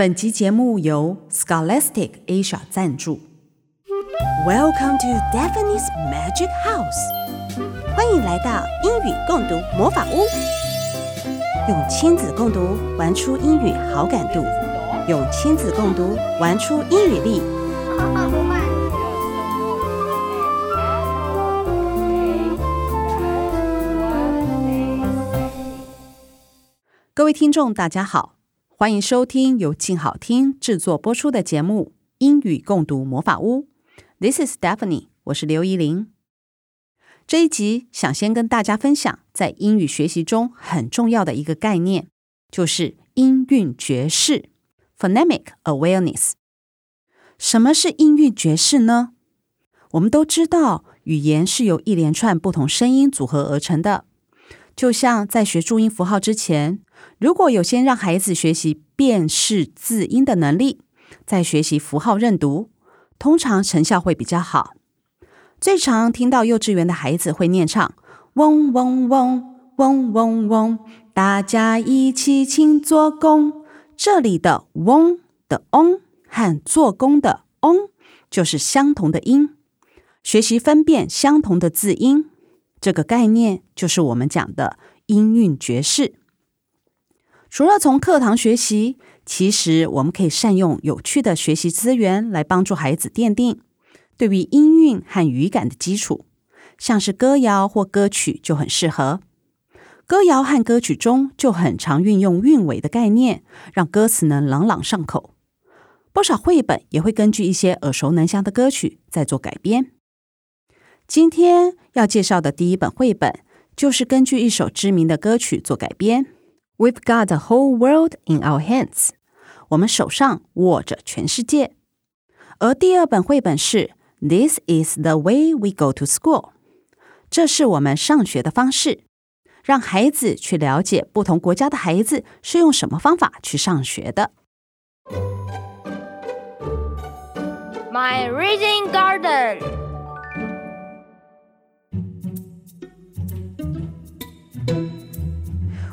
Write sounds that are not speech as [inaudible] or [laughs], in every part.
本集節目由 Scholastic Asia 贊助。Welcome to Daphne's Magic House。歡迎來到英語共讀魔法屋。用親子共讀玩出英語好感度，用親子共讀玩出英語力。Oh my. 各位聽眾，大家好。歡迎收聽由靜好聽製作播出的節目《英語共讀魔法屋》。This is Stephanie，我是劉怡伶。這一集想先跟大家分享在英語學習中很重要的一個概念，就是音韻覺識 （Phonemic Awareness）。什麼是音韻覺識呢？我們都知道，語言是由一連串不同聲音組合而成的。就像在學注音符號之前，如果有先讓孩子學習辨識字音的能力，再學習符號認讀，通常成效會比較好。最常聽到幼稚園的孩子會念唱：嗡嗡嗡嗡嗡嗡，大家一起勤做工。這裡的“嗡”的“嗡”和“做工”的“嗡”就是相同的音，學習分辨相同的字音。這個概念就是我們講的音韻覺識。除了從課堂學習，其實我們可以善用有趣的學習資源來幫助孩子奠定對於音韻和語感的基礎，像是歌謠或歌曲就很適合。歌謠和歌曲中就很常運用韻尾的概念，讓歌詞能朗朗上口。不少繪本也會根據一些耳熟能詳的歌曲再做改編。今天要介紹的第一本繪本，就是根據一首知名的歌曲做改編。We've got the whole world in our hands，我們手上握着全世界。而第二本繪本是 This is the way we go to school，這是我們上學的方式，讓孩子去了解不同國家的孩子是用什麼方法去上學的。My Reading Garden。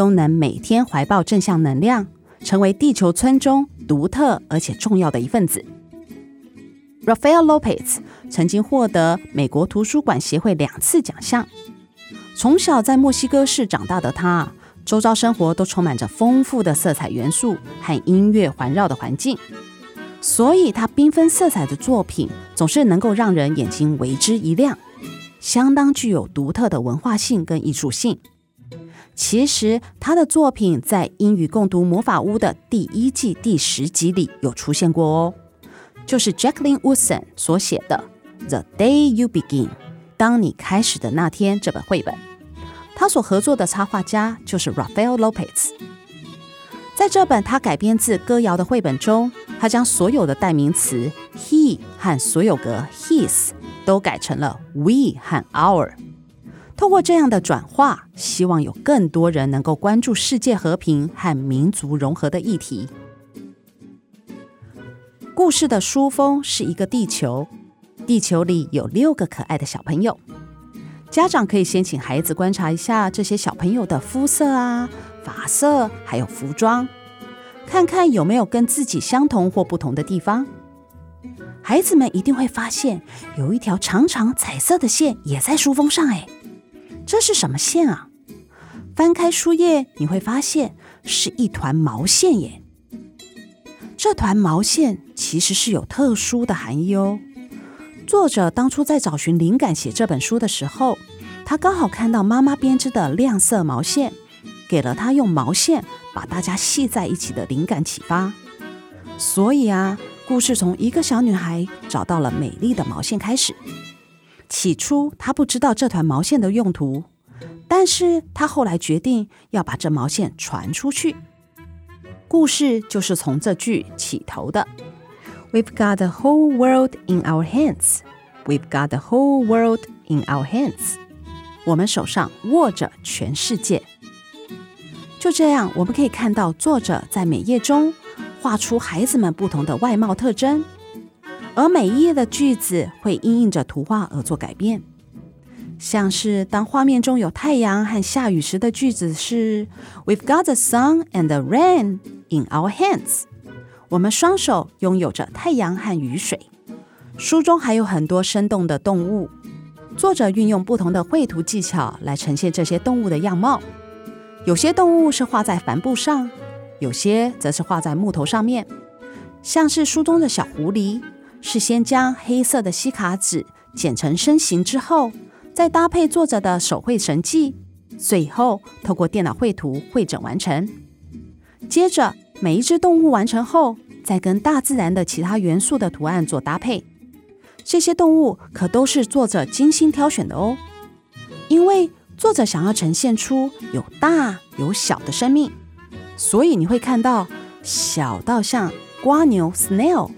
都能每天懷抱正向能量，成為地球村中獨特而且重要的一份子。Rafael Lopez 曾經獲得美國圖書館協會兩次獎項。從小在墨西哥市長大的他，周遭生活都充滿着豐富的色彩元素和音樂環繞的環境，所以他繽紛色彩的作品總是能夠讓人眼睛為之一亮，相當具有獨特的文化性跟藝術性。其實，他的作品在《英語共讀魔法屋》的第一季第十集裡有出現過哦，就是 Jacqueline Woodson 所寫的《The Day You Begin》，當你開始的那天這本繪本。他所合作的插畫家就是 Rafael Lopez。在這本他改編自歌謠的繪本中，他將所有的代名詞 he 和所有格 his 都改成了 we 和 our。通過這樣的轉化，希望有更多人能夠關注世界和平和民族融合的議題。故事的書封是一個地球，地球裡有六個可愛的小朋友。家長可以先請孩子觀察一下這些小朋友的膚色啊、髮色，還有服裝，看看有沒有跟自己相同或不同的地方。孩子們一定會發現，有一條長長彩色的線也在書封上，哎。這是什麼線啊？翻開書頁，你會發現是一團毛線耶。這團毛線其實是有特殊的含義哦。作者當初在找尋靈感寫這本書的時候，他剛好看到媽媽編織的亮色毛線，給了他用毛線把大家繫在一起的靈感啟發。所以啊，故事從一個小女孩找到了美麗的毛線開始。起初，他不知道這團毛線的用途，但是他後來決定要把這毛線傳出去。故事就是從這句起頭的：“We've got the whole world in our hands. We've got the whole world in our hands. 我們手上握着全世界。”就這樣，我們可以看到作者在每頁中畫出孩子們不同的外貌特徵。而每一頁的句子會因應着圖畫而做改變，像是當畫面中有太陽和下雨時的句子是 "We've got the sun and the rain in our hands，我們雙手擁有着太陽和雨水。書中還有很多生動的動物，作者運用不同的繪圖技巧來呈現這些動物的樣貌，有些動物是畫在帆布上，有些則是畫在木頭上面，像是書中的小狐狸。是先將黑色的西卡紙剪成身形之後，再搭配作者的手繪神器，最後透過電腦繪圖繪整完成。接着每一隻動物完成後，再跟大自然的其他元素的圖案做搭配。這些動物可都是作者精心挑選的哦，因為作者想要呈現出有大有小的生命，所以你會看到小到像蝸牛 （snail），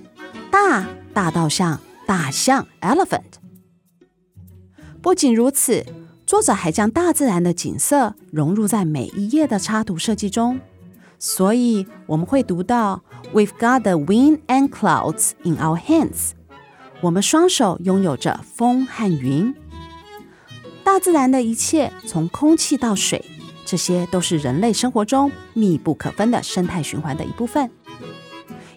大。大到像大象 elephant。不僅如此，作者還將大自然的景色融入在每一頁的插圖設計中，所以我們會讀到 We've got the wind and clouds in our hands。我們雙手擁有着風和雲。大自然的一切，從空氣到水，這些都是人類生活中密不可分的生態循環的一部分。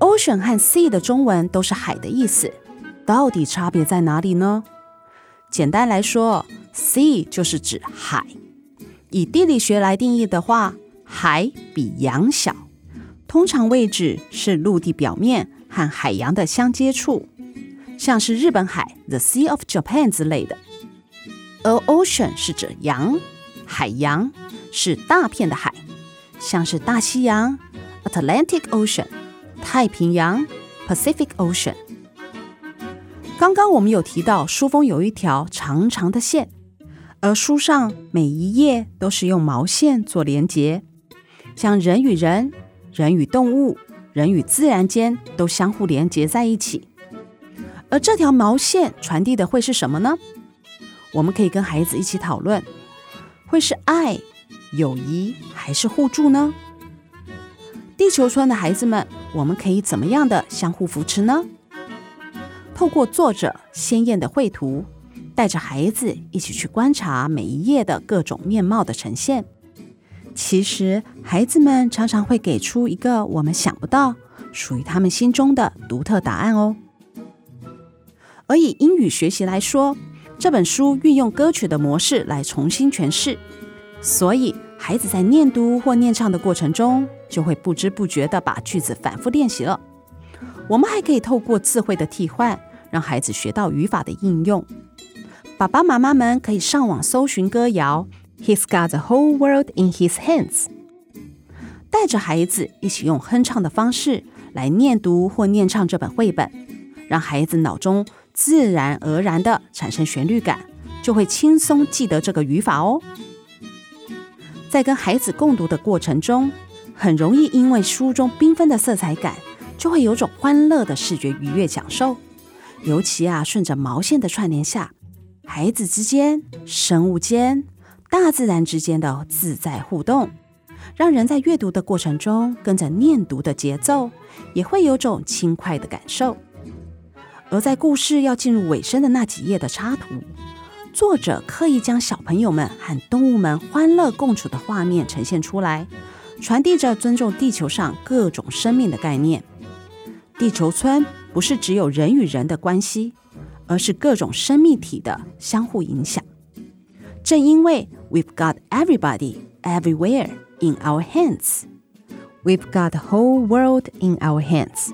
Ocean 和 Sea 的中文都是“海”的意思，到底差別在哪裡呢？簡單來說，Sea 就是指海。以地理學來定義的話，海比洋小，通常位置是陸地表面和海洋的相接處，像是日本海 （The Sea of Japan） 之類的。而 Ocean 是指洋，海洋是大片的海，像是大西洋 （Atlantic Ocean）。太平洋 （Pacific Ocean）。剛剛我們有提到書封有一條長長的線，而書上每一頁都是用毛線做連接，像人與人、人與動物、人與自然間都相互連接在一起。而這條毛線傳遞的會是什麼呢？我們可以跟孩子一起討論，會是愛、友誼還是互助呢？地球村的孩子們。我們可以怎麼樣的相互扶持呢？透過作者鮮豔的繪圖，帶着孩子一起去觀察每一頁的各種面貌的呈現。其實，孩子們常常會給出一個我們想不到、屬於他們心中的獨特答案哦。而以英語學習來說，這本書運用歌曲的模式來重新詮釋，所以，孩子在念讀或念唱的過程中，就會不知不覺的把句子反覆練習了。我們還可以透過詞彙的替換，讓孩子學到語法的應用。爸爸媽媽們可以上網搜尋歌謠，He's got the whole world in his hands，帶着孩子一起用哼唱的方式來念讀或念唱這本繪本，讓孩子腦中自然而然地產生旋律感，就會輕鬆記得這個語法哦。在跟孩子共讀的過程中，很容易因為書中繽紛的色彩感，就會有種歡樂的視覺愉悅享受。尤其啊，順着毛線的串聯下，孩子之間、生物間、大自然之間的自在互動，讓人在閱讀的過程中跟着念讀的節奏，也會有種輕快的感受。而在故事要進入尾聲的那幾頁的插圖，作者刻意將小朋友們和動物們歡樂共處的畫面呈現出來，傳遞着尊重地球上各種生命的概念。地球村不是只有人與人的關係，而是各種生命體的相互影響。正因為 We've got everybody everywhere in our hands, we've got the whole world in our hands，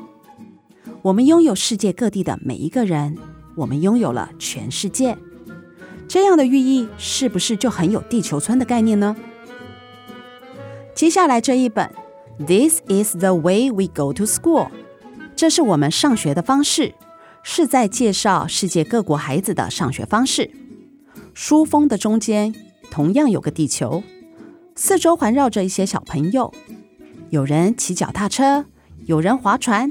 我們擁有世界各地的每一個人，我們擁有了全世界。這樣的寓意，是不是就很有地球村的概念呢？接下來這一本《This is the way we go to school》，這是我們上學的方式，是在介紹世界各國孩子的上學方式。書封的中間同樣有個地球，四周環繞着一些小朋友，有人騎腳踏車，有人划船。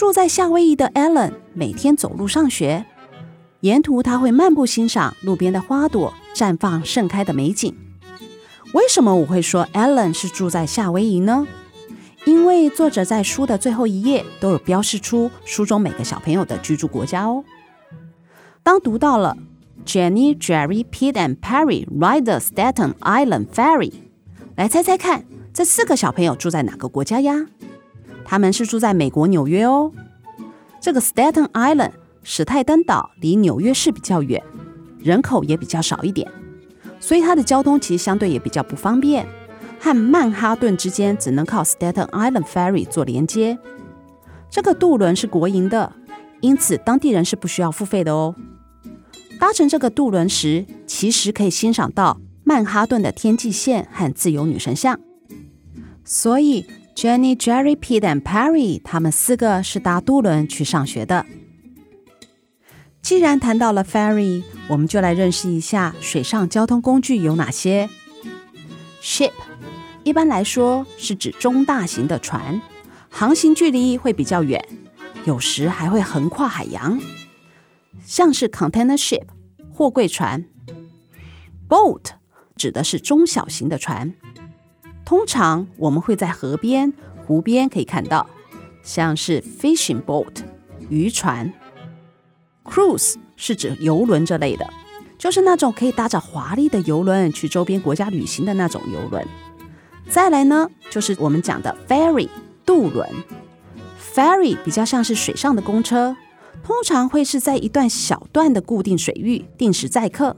住在夏威夷的 Alan 每天走路上學，沿途他會漫步欣賞路邊的花朵綻放盛開的美景。為什麼我會說 Alan 是住在夏威夷呢？因為作者在書的最後一頁都有標示出書中每個小朋友的居住國家哦。當讀到了 Jenny、Jerry、Pete and Perry ride the Staten Island Ferry，來猜猜看這四個小朋友住在哪個國家呀？他們是住在美國紐約哦。這個 Staten Island 史泰登島離紐約市比較遠，人口也比較少一點，所以它的交通其實相對也比較不方便，和曼哈頓之間只能靠 Staten Island Ferry 做連接。這個渡輪是國營的，因此當地人是不需要付費的哦。搭乘這個渡輪時，其實可以欣賞到曼哈頓的天際線和自由女神像，所以，Jenny、Jerry、Pete and Perry，他們四個是搭渡輪去上學的。既然談到了 ferry，我們就來認識一下水上交通工具有哪些。Ship 一般來說是指中大型的船，航行距離會比較遠，有時還會橫跨海洋，像是 container ship（ 貨櫃船）。Boat 指的是中小型的船。通常我們會在河邊、湖邊可以看到，像是 fishing boat 漁船，cruise 是指遊輪這類的，就是那種可以搭着華麗的遊輪去周邊國家旅行的那種遊輪。再來呢，就是我們講的 ferry 渡輪，ferry 比較像是水上的公車，通常會是在一段小段的固定水域定時載客，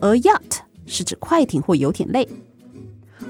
而 yacht 是指快艇或遊艇類。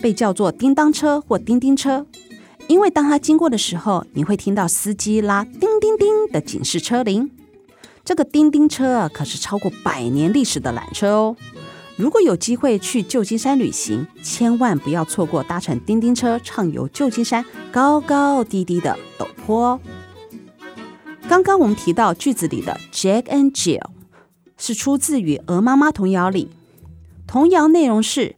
被叫做叮噹車或叮叮車，因為當它經過的時候，你會聽到司機拉叮叮叮的警示車鈴。這個叮叮車啊，可是超過百年歷史的纜車哦。如果有機會去舊金山旅行，千萬不要錯過搭乘叮叮車暢遊舊金山高高低低的陡坡哦。剛剛我們提到句子裡的 Jack and Jill 是出自於鵝媽媽童謠裡，童謠內容是。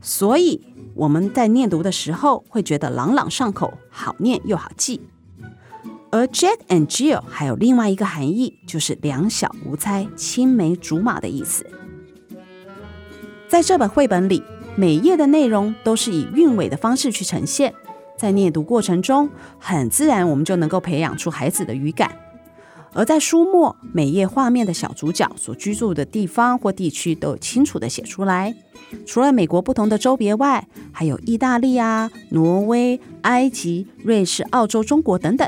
所以我們在念讀的時候，會覺得朗朗上口，好念又好記。而 Jack and Jill 還有另外一個含義，就是兩小無猜、青梅竹馬的意思。在這本繪本裡，每頁的內容都是以韻尾的方式去呈現，在念讀過程中，很自然我們就能夠培養出孩子的語感。而在書末，每頁畫面的小主角所居住的地方或地區都清楚地寫出來。除了美國不同的州別外，還有意大利啊、挪威、埃及、瑞士、澳洲、中國等等。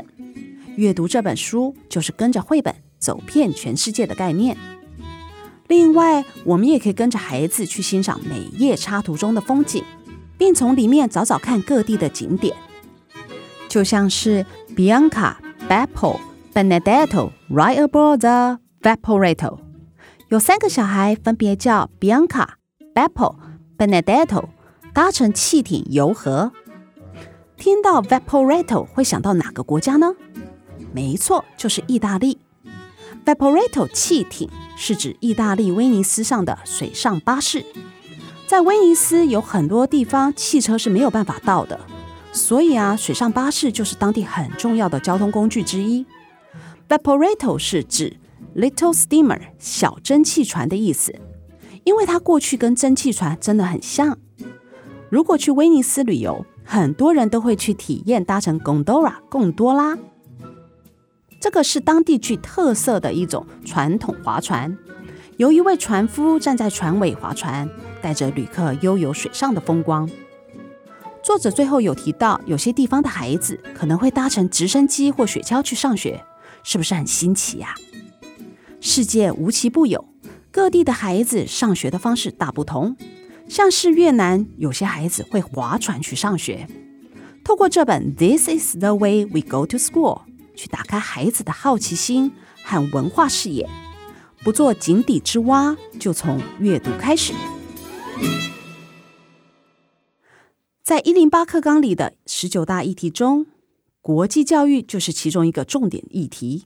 閱讀這本書就是跟着繪本走遍全世界的概念。另外，我們也可以跟着孩子去欣賞每頁插圖中的風景，並從裡面找找看各地的景點，就像是 Bianca Bapple Benedetto ride、right、aboard the Vaporetto。有三個小孩，分別叫 Bianca、Beppe、Benedetto，搭乘汽艇遊河。聽到 Vaporetto，會想到哪個國家呢？沒錯，就是意大利。Vaporetto 汽艇是指意大利威尼斯上的水上巴士。在威尼斯有很多地方汽車是沒有辦法到的，所以啊，水上巴士就是當地很重要的交通工具之一。Vaporetto 是指 little steamer 小蒸汽船的意思，因為它過去跟蒸汽船真的很像。如果去威尼斯旅遊，很多人都會去體驗搭乘 Gondola 貢多拉，這個是當地具特色的一種傳統划船，由一位船夫站在船尾划船，帶着旅客悠游水上的風光。作者最後有提到，有些地方的孩子可能會搭乘直升機或雪橇去上學。是不是很新奇呀、啊？世界無奇不有，各地的孩子上學的方式大不同。像是越南，有些孩子會划船去上學。透過這本《This is the way we go to school》，去打開孩子的好奇心和文化視野。不做井底之蛙，就從閱讀開始。在一零八課綱裡的十九大議題中，國際教育就是其中一個重點議題。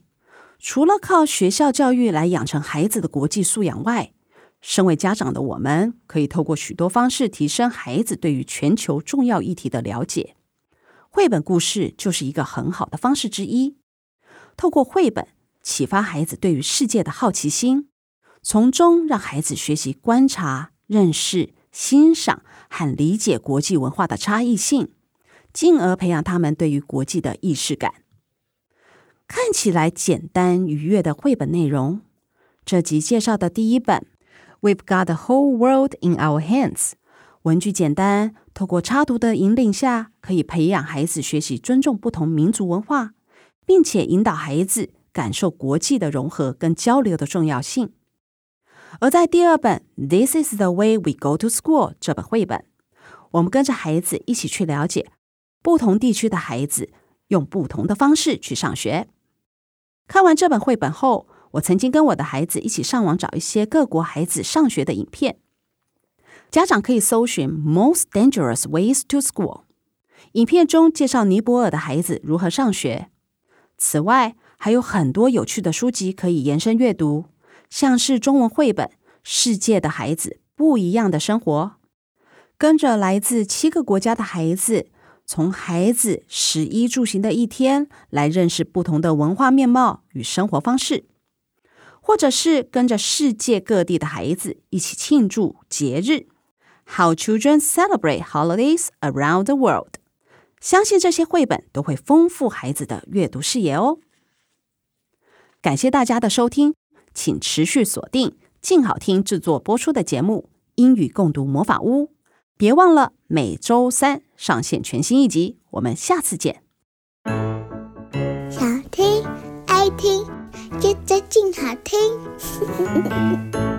除了靠學校教育來養成孩子的國際素養外，身為家長的我們，可以透過許多方式提升孩子對於全球重要議題的了解。繪本故事就是一個很好的方式之一。透過繪本啟發孩子對於世界的好奇心，從中讓孩子學習觀察、認識、欣賞和理解國際文化的差異性。進而培養他們對於國際的意識感。看起來簡單愉悅的繪本內容，這集介紹的第一本《We've Got the Whole World in Our Hands》，文句簡單，透過插圖的引領下，可以培養孩子學習尊重不同民族文化，並且引導孩子感受國際的融合跟交流的重要性。而在第二本《This Is the Way We Go to School》，這本繪本，我們跟着孩子一起去了解。不同地區的孩子用不同的方式去上學。看完這本繪本後，我曾經跟我的孩子一起上網找一些各國孩子上學的影片。家長可以搜尋 “Most Dangerous Ways to School”。影片中介紹尼泊爾的孩子如何上學。此外，還有很多有趣的書籍可以延伸閱讀，像是中文繪本《世界的孩子不一樣的生活》，跟着來自七個國家的孩子。從孩子衣食住行的一天來認識不同的文化面貌與生活方式，或者是跟着世界各地的孩子一起慶祝節日。How children celebrate holidays around the world。相信這些繪本都會豐富孩子的閱讀視野哦。感謝大家的收聽，請持續鎖定靜好聽製作播出的節目《英語共讀魔法屋》，別忘了，每周三上線全新一集，我們下次見。想聽，愛聽，盡在鏡好聽。 [laughs]